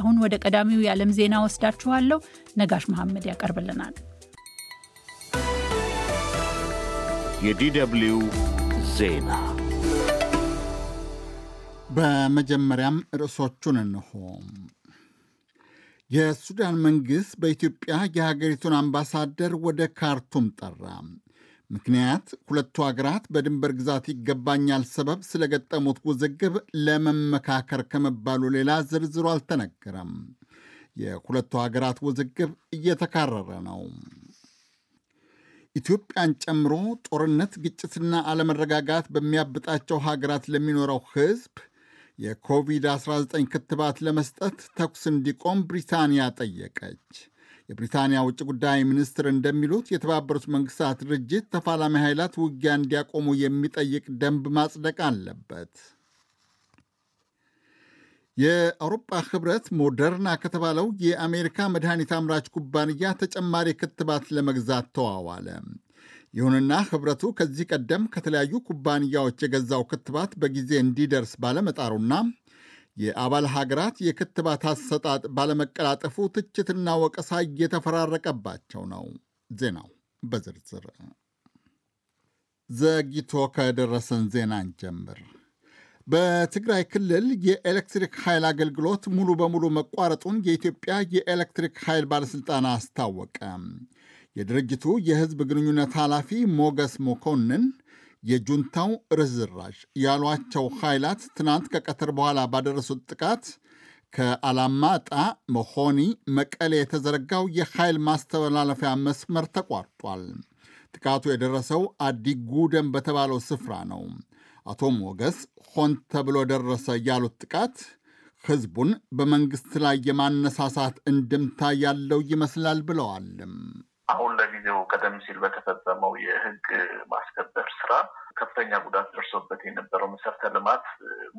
አሁን ወደ ቀዳሚው የዓለም ዜና ወስዳችኋለሁ። ነጋሽ መሐመድ ያቀርብልናል። የዲደብልዩ ዜና በመጀመሪያም ርዕሶቹን እንሆ። የሱዳን መንግሥት በኢትዮጵያ የሀገሪቱን አምባሳደር ወደ ካርቱም ጠራ። ምክንያት ሁለቱ ሀገራት በድንበር ግዛት ይገባኛል ሰበብ ስለገጠሙት ውዝግብ ለመመካከር ከመባሉ ሌላ ዝርዝሩ አልተነገረም። የሁለቱ ሀገራት ውዝግብ እየተካረረ ነው። ኢትዮጵያን ጨምሮ ጦርነት፣ ግጭትና አለመረጋጋት በሚያብጣቸው ሀገራት ለሚኖረው ሕዝብ የኮቪድ-19 ክትባት ለመስጠት ተኩስ እንዲቆም ብሪታንያ ጠየቀች። የብሪታንያ ውጭ ጉዳይ ሚኒስትር እንደሚሉት የተባበሩት መንግስታት ድርጅት ተፋላሚ ኃይላት ውጊያ እንዲያቆሙ የሚጠይቅ ደንብ ማጽደቅ አለበት። የአውሮፓ ህብረት ሞደርና ከተባለው የአሜሪካ መድኃኒት አምራች ኩባንያ ተጨማሪ ክትባት ለመግዛት ተዋዋለ። ይሁንና ህብረቱ ከዚህ ቀደም ከተለያዩ ኩባንያዎች የገዛው ክትባት በጊዜ እንዲደርስ ባለመጣሩና የአባል ሀገራት የክትባት አሰጣጥ ባለመቀላጠፉ ትችትና ወቀሳ እየተፈራረቀባቸው ነው። ዜናው በዝርዝር ዘግይቶ ከደረሰን ዜና እንጀምር። በትግራይ ክልል የኤሌክትሪክ ኃይል አገልግሎት ሙሉ በሙሉ መቋረጡን የኢትዮጵያ የኤሌክትሪክ ኃይል ባለሥልጣን አስታወቀ። የድርጅቱ የሕዝብ ግንኙነት ኃላፊ ሞገስ መኮንን የጁንታው ርዝራዥ ያሏቸው ኃይላት ትናንት ከቀትር በኋላ ባደረሱት ጥቃት ከአላማጣ መሆኒ መቀሌ የተዘረጋው የኃይል ማስተላለፊያ መስመር ተቋርጧል። ጥቃቱ የደረሰው አዲጉደም በተባለው ስፍራ ነው። አቶ ሞገስ ሆን ተብሎ ደረሰ ያሉት ጥቃት ህዝቡን በመንግሥት ላይ የማነሳሳት እንድምታ ያለው ይመስላል ብለዋልም። አሁን ለጊዜው ቀደም ሲል በተፈጸመው የህግ ማስከበር ስራ ከፍተኛ ጉዳት ደርሶበት የነበረው መሰረተ ልማት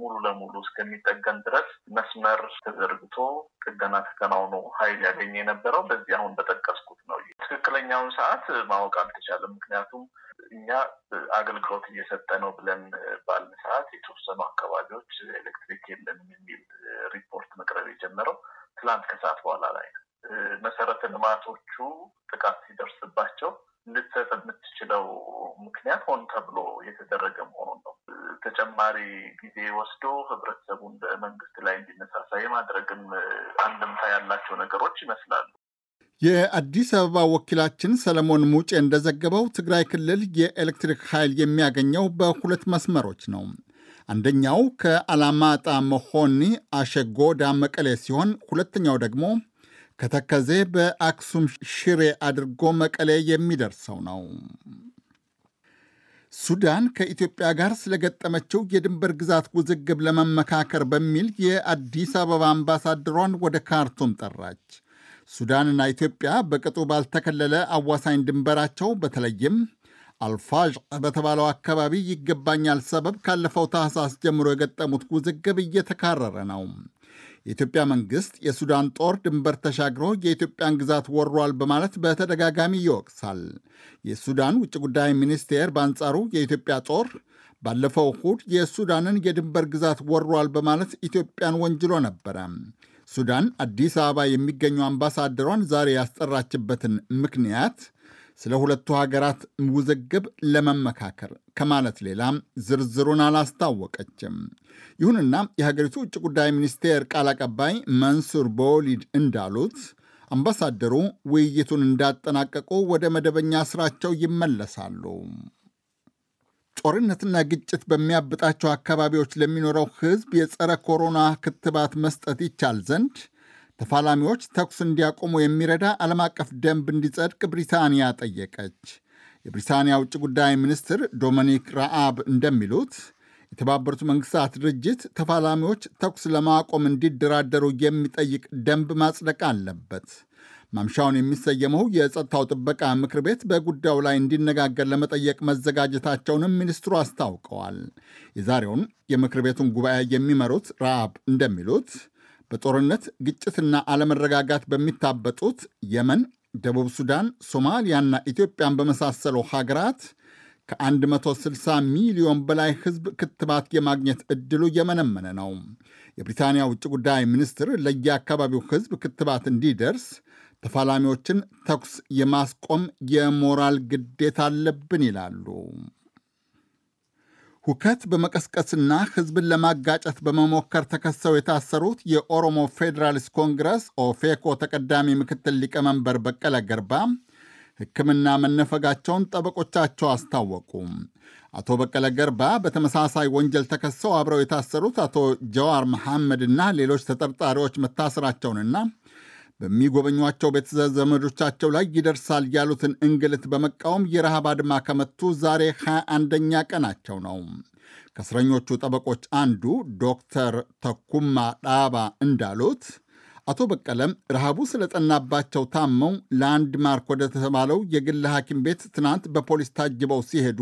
ሙሉ ለሙሉ እስከሚጠገን ድረስ መስመር ተዘርግቶ ጥገና ተከናውኖ ኃይል ያገኘ የነበረው በዚህ አሁን በጠቀስኩት ነው። ትክክለኛውን ሰዓት ማወቅ አልተቻለም። ምክንያቱም እኛ አገልግሎት እየሰጠ ነው ብለን ባልን ሰዓት የተወሰኑ አካባቢዎች ኤሌክትሪክ የለንም የሚል ሪፖርት መቅረብ የጀመረው ትላንት ከሰዓት በኋላ ላይ ነው። መሰረተ ልማቶቹ ጥቃት ሲደርስባቸው ልትሰጥ የምትችለው ምክንያት ሆን ተብሎ የተደረገ መሆኑን ነው። ተጨማሪ ጊዜ ወስዶ ህብረተሰቡን በመንግስት ላይ እንዲነሳሳ የማድረግም አንድምታ ያላቸው ነገሮች ይመስላሉ። የአዲስ አበባ ወኪላችን ሰለሞን ሙጬ እንደዘገበው ትግራይ ክልል የኤሌክትሪክ ኃይል የሚያገኘው በሁለት መስመሮች ነው። አንደኛው ከአላማጣ መሆኒ አሸጎዳ መቀሌ ሲሆን ሁለተኛው ደግሞ ከተከዜ በአክሱም ሽሬ አድርጎ መቀሌ የሚደርሰው ነው። ሱዳን ከኢትዮጵያ ጋር ስለገጠመችው የድንበር ግዛት ውዝግብ ለመመካከር በሚል የአዲስ አበባ አምባሳደሯን ወደ ካርቱም ጠራች። ሱዳንና ኢትዮጵያ በቅጡ ባልተከለለ አዋሳኝ ድንበራቸው በተለይም አልፋዥ በተባለው አካባቢ ይገባኛል ሰበብ ካለፈው ታህሳስ ጀምሮ የገጠሙት ውዝግብ እየተካረረ ነው። የኢትዮጵያ መንግስት የሱዳን ጦር ድንበር ተሻግሮ የኢትዮጵያን ግዛት ወሯል በማለት በተደጋጋሚ ይወቅሳል። የሱዳን ውጭ ጉዳይ ሚኒስቴር በአንጻሩ የኢትዮጵያ ጦር ባለፈው እሁድ የሱዳንን የድንበር ግዛት ወሯል በማለት ኢትዮጵያን ወንጅሎ ነበረ። ሱዳን አዲስ አበባ የሚገኙ አምባሳደሯን ዛሬ ያስጠራችበትን ምክንያት ስለ ሁለቱ ሀገራት ውዝግብ ለመመካከር ከማለት ሌላም ዝርዝሩን አላስታወቀችም። ይሁንና የሀገሪቱ ውጭ ጉዳይ ሚኒስቴር ቃል አቀባይ መንሱር ቦሊድ እንዳሉት አምባሳደሩ ውይይቱን እንዳጠናቀቁ ወደ መደበኛ ስራቸው ይመለሳሉ። ጦርነትና ግጭት በሚያብጣቸው አካባቢዎች ለሚኖረው ሕዝብ የጸረ ኮሮና ክትባት መስጠት ይቻል ዘንድ ተፋላሚዎች ተኩስ እንዲያቆሙ የሚረዳ ዓለም አቀፍ ደንብ እንዲጸድቅ ብሪታንያ ጠየቀች። የብሪታንያ ውጭ ጉዳይ ሚኒስትር ዶሚኒክ ራአብ እንደሚሉት የተባበሩት መንግስታት ድርጅት ተፋላሚዎች ተኩስ ለማቆም እንዲደራደሩ የሚጠይቅ ደንብ ማጽደቅ አለበት። ማምሻውን የሚሰየመው የጸጥታው ጥበቃ ምክር ቤት በጉዳዩ ላይ እንዲነጋገር ለመጠየቅ መዘጋጀታቸውንም ሚኒስትሩ አስታውቀዋል። የዛሬውን የምክር ቤቱን ጉባኤ የሚመሩት ራአብ እንደሚሉት በጦርነት ግጭትና አለመረጋጋት በሚታበጡት የመን፣ ደቡብ ሱዳን፣ ሶማሊያና ኢትዮጵያን በመሳሰሉ ሀገራት ከ160 ሚሊዮን በላይ ሕዝብ ክትባት የማግኘት ዕድሉ የመነመነ ነው። የብሪታንያ ውጭ ጉዳይ ሚኒስትር ለየአካባቢው ሕዝብ ክትባት እንዲደርስ ተፋላሚዎችን ተኩስ የማስቆም የሞራል ግዴታ አለብን ይላሉ። ሁከት በመቀስቀስና ህዝብን ለማጋጨት በመሞከር ተከሰው የታሰሩት የኦሮሞ ፌዴራሊስት ኮንግረስ ኦፌኮ ተቀዳሚ ምክትል ሊቀመንበር በቀለ ገርባ ሕክምና መነፈጋቸውን ጠበቆቻቸው አስታወቁ። አቶ በቀለ ገርባ በተመሳሳይ ወንጀል ተከሰው አብረው የታሰሩት አቶ ጀዋር መሐመድና ሌሎች ተጠርጣሪዎች መታሰራቸውንና በሚጎበኟቸው ቤተሰብ ዘመዶቻቸው ላይ ይደርሳል ያሉትን እንግልት በመቃወም የረሃብ አድማ ከመቱ ዛሬ 21ኛ ቀናቸው ነው። ከእስረኞቹ ጠበቆች አንዱ ዶክተር ተኩማ ዳባ እንዳሉት አቶ በቀለም ረሃቡ ስለጠናባቸው ታመው ላንድማርክ ወደ ተባለው የግል ሐኪም ቤት ትናንት በፖሊስ ታጅበው ሲሄዱ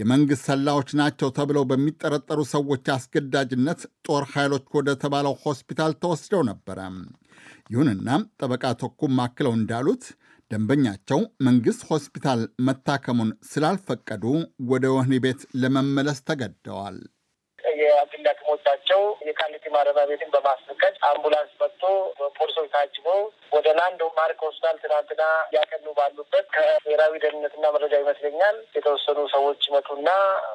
የመንግሥት ሰላዎች ናቸው ተብለው በሚጠረጠሩ ሰዎች አስገዳጅነት ጦር ኃይሎች ወደ ተባለው ሆስፒታል ተወስደው ነበረ። ይሁንና ጠበቃ ተኩም ማክለው እንዳሉት ደንበኛቸው መንግሥት ሆስፒታል መታከሙን ስላልፈቀዱ ወደ ወህኒ ቤት ለመመለስ ተገደዋል። የግል ሐኪሞቻቸው የቃሊቲ ማረሚያ ቤትን በማስፈቀድ አምቡላንስ መጥቶ ፖሊሶች ታጅቦ ወደ ላንዶ ማርክ ሆስፒታል ትናንትና ያቀኑ ባሉበት ከብሔራዊ ደህንነትና መረጃ ይመስለኛል የተወሰኑ ሰዎች መጡና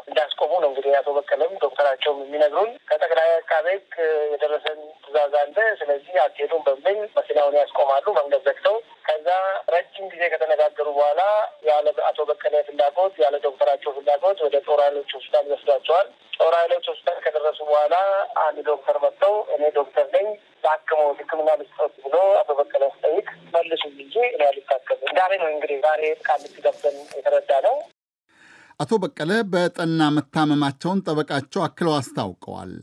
እንዳስቆሙ ነው እንግዲህ አቶ በቀለም ዶክተራቸውም የሚነግሩን ከጠቅላይ አቃቤ ሕግ የደረሰን ትዕዛዝ አለ። ስለዚህ አትሄዱም በሚል መኪናውን ያስቆማሉ መንገድ ዘግተው መሬት ቃሊቲ ገብተን የተረዳ ነው። አቶ በቀለ በጠና መታመማቸውን ጠበቃቸው አክለው አስታውቀዋል።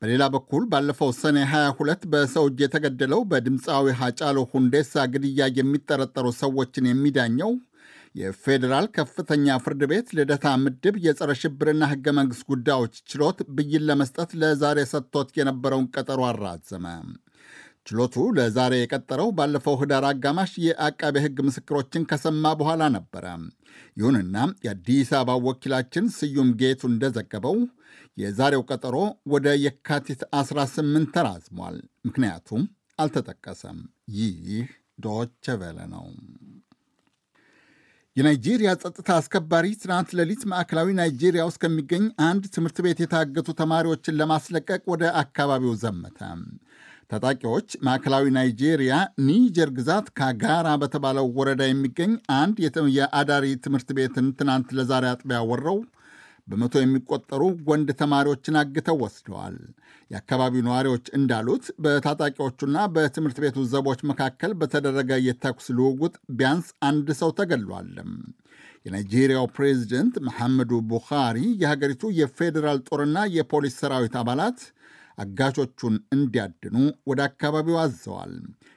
በሌላ በኩል ባለፈው ሰኔ 22 በሰው እጅ የተገደለው በድምፃዊ ሀጫሎ ሁንዴሳ ግድያ የሚጠረጠሩ ሰዎችን የሚዳኘው የፌዴራል ከፍተኛ ፍርድ ቤት ልደታ ምድብ የጸረ ሽብርና ሕገ መንግሥት ጉዳዮች ችሎት ብይን ለመስጠት ለዛሬ ሰጥቶት የነበረውን ቀጠሮ አራዘመ። ችሎቱ ለዛሬ የቀጠረው ባለፈው ህዳር አጋማሽ የአቃቤ ሕግ ምስክሮችን ከሰማ በኋላ ነበረ። ይሁንና የአዲስ አበባ ወኪላችን ስዩም ጌቱ እንደዘገበው የዛሬው ቀጠሮ ወደ የካቲት 18 ተራዝሟል። ምክንያቱም አልተጠቀሰም። ይህ ዶቼ ቬለ ነው። የናይጄሪያ ጸጥታ አስከባሪ ትናንት ሌሊት ማዕከላዊ ናይጄሪያ ውስጥ ከሚገኝ አንድ ትምህርት ቤት የታገቱ ተማሪዎችን ለማስለቀቅ ወደ አካባቢው ዘመተ። ታጣቂዎች ማዕከላዊ ናይጄሪያ ኒጀር ግዛት ካጋራ በተባለው ወረዳ የሚገኝ አንድ የአዳሪ ትምህርት ቤትን ትናንት ለዛሬ አጥቢያ ወረው በመቶ የሚቆጠሩ ወንድ ተማሪዎችን አግተው ወስደዋል። የአካባቢው ነዋሪዎች እንዳሉት በታጣቂዎቹና በትምህርት ቤቱ ዘቦች መካከል በተደረገ የተኩስ ልውውጥ ቢያንስ አንድ ሰው ተገሏለም። የናይጄሪያው ፕሬዚደንት መሐመዱ ቡኻሪ የሀገሪቱ የፌዴራል ጦርና የፖሊስ ሰራዊት አባላት አጋቾቹን እንዲያድኑ ወደ አካባቢው አዘዋል።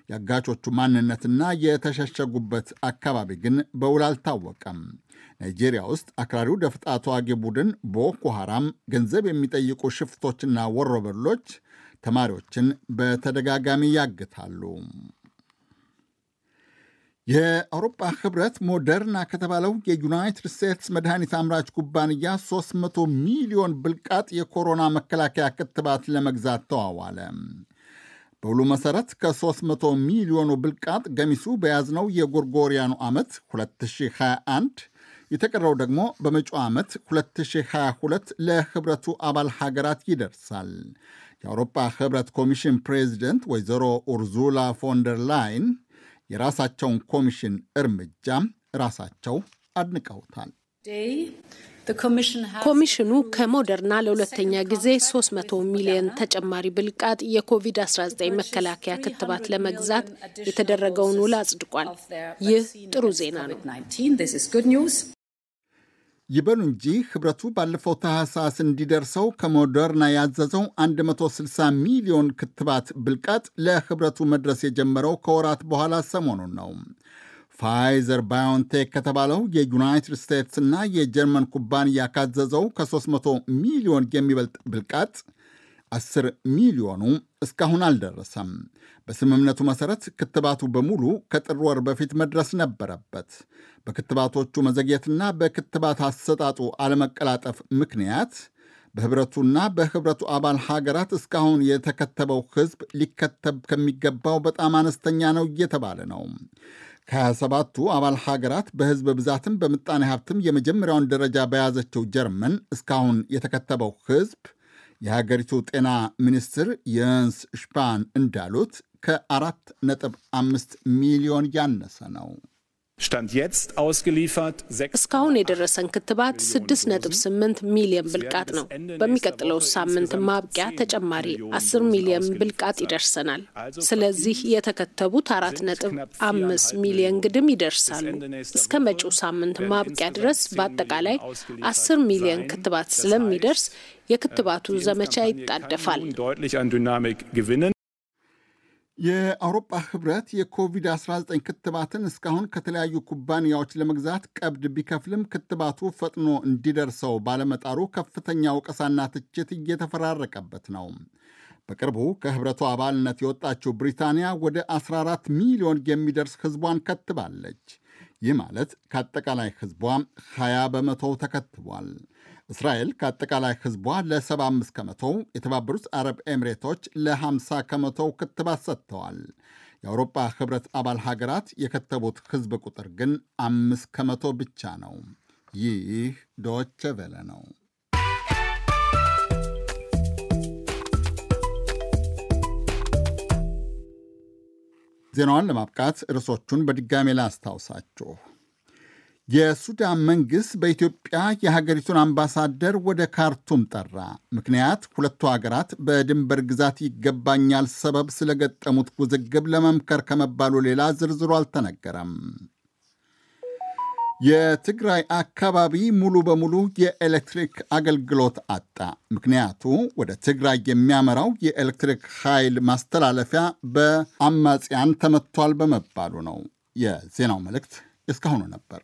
የአጋቾቹ ማንነትና የተሸሸጉበት አካባቢ ግን በውል አልታወቀም። ናይጄሪያ ውስጥ አክራሪው ደፍጣ ተዋጊ ቡድን ቦኮ ሐራም ገንዘብ የሚጠይቁ ሽፍቶችና ወሮበሎች ተማሪዎችን በተደጋጋሚ ያግታሉ። የአውሮፓ ህብረት ሞደርና ከተባለው የዩናይትድ ስቴትስ መድኃኒት አምራች ኩባንያ 300 ሚሊዮን ብልቃጥ የኮሮና መከላከያ ክትባት ለመግዛት ተዋዋለ። በውሉ መሠረት ከ300 ሚሊዮኑ ብልቃጥ ገሚሱ በያዝነው የጎርጎሪያኑ ዓመት 2021 የተቀረው ደግሞ በመጪው ዓመት 2022 ለህብረቱ አባል ሀገራት ይደርሳል። የአውሮፓ ህብረት ኮሚሽን ፕሬዚደንት ወይዘሮ ኡርዙላ ፎንደር ላይን የራሳቸውን ኮሚሽን እርምጃ ራሳቸው አድንቀውታል። ኮሚሽኑ ከሞደርና ለሁለተኛ ጊዜ 300 ሚሊዮን ተጨማሪ ብልቃጥ የኮቪድ-19 መከላከያ ክትባት ለመግዛት የተደረገውን ውል አጽድቋል። ይህ ጥሩ ዜና ነው። ይበሉ እንጂ ህብረቱ ባለፈው ታህሳስ እንዲደርሰው ከሞደርና ያዘዘው 160 ሚሊዮን ክትባት ብልቃጥ ለህብረቱ መድረስ የጀመረው ከወራት በኋላ ሰሞኑን ነው። ፋይዘር ባዮንቴክ ከተባለው የዩናይትድ ስቴትስና የጀርመን ኩባንያ ካዘዘው ከ300 ሚሊዮን የሚበልጥ ብልቃጥ 10 ሚሊዮኑ እስካሁን አልደረሰም። በስምምነቱ መሰረት ክትባቱ በሙሉ ከጥር ወር በፊት መድረስ ነበረበት። በክትባቶቹ መዘግየትና በክትባት አሰጣጡ አለመቀላጠፍ ምክንያት በህብረቱና በህብረቱ አባል ሀገራት እስካሁን የተከተበው ህዝብ ሊከተብ ከሚገባው በጣም አነስተኛ ነው እየተባለ ነው። ከ27ቱ አባል ሀገራት በህዝብ ብዛትም በምጣኔ ሀብትም የመጀመሪያውን ደረጃ በያዘችው ጀርመን እስካሁን የተከተበው ህዝብ የሀገሪቱ ጤና ሚኒስትር የንስ ሽፓን እንዳሉት ከአራት ነጥብ አምስት ሚሊዮን ያነሰ ነው። እስካሁን የደረሰን ክትባት 6.8 ሚሊዮን ብልቃጥ ነው። በሚቀጥለው ሳምንት ማብቂያ ተጨማሪ 10 ሚሊዮን ብልቃጥ ይደርሰናል። ስለዚህ የተከተቡት 4.5 ሚሊዮን ግድም ይደርሳሉ። እስከ መጪው ሳምንት ማብቂያ ድረስ በአጠቃላይ 10 ሚሊዮን ክትባት ስለሚደርስ የክትባቱ ዘመቻ ይጣደፋል። የአውሮፓ ህብረት የኮቪድ-19 ክትባትን እስካሁን ከተለያዩ ኩባንያዎች ለመግዛት ቀብድ ቢከፍልም ክትባቱ ፈጥኖ እንዲደርሰው ባለመጣሩ ከፍተኛ ወቀሳና ትችት እየተፈራረቀበት ነው። በቅርቡ ከህብረቱ አባልነት የወጣችው ብሪታንያ ወደ 14 ሚሊዮን የሚደርስ ህዝቧን ከትባለች። ይህ ማለት ከአጠቃላይ ህዝቧ 20 በመቶው ተከትቧል። እስራኤል ከአጠቃላይ ህዝቧ ለ75 ከመቶ የተባበሩት አረብ ኤምሬቶች ለ50 ከመቶ ክትባት ሰጥተዋል። የአውሮፓ ህብረት አባል ሀገራት የከተቡት ህዝብ ቁጥር ግን አምስት ከመቶ ብቻ ነው። ይህ ዶች ቬለ ነው። ዜናዋን ለማብቃት ርዕሶቹን በድጋሜ ላስታውሳችሁ። የሱዳን መንግሥት በኢትዮጵያ የሀገሪቱን አምባሳደር ወደ ካርቱም ጠራ። ምክንያት ሁለቱ ሀገራት በድንበር ግዛት ይገባኛል ሰበብ ስለገጠሙት ውዝግብ ለመምከር ከመባሉ ሌላ ዝርዝሩ አልተነገረም። የትግራይ አካባቢ ሙሉ በሙሉ የኤሌክትሪክ አገልግሎት አጣ። ምክንያቱ ወደ ትግራይ የሚያመራው የኤሌክትሪክ ኃይል ማስተላለፊያ በአማጽያን ተመቷል በመባሉ ነው። የዜናው መልእክት እስካሁኑ ነበር።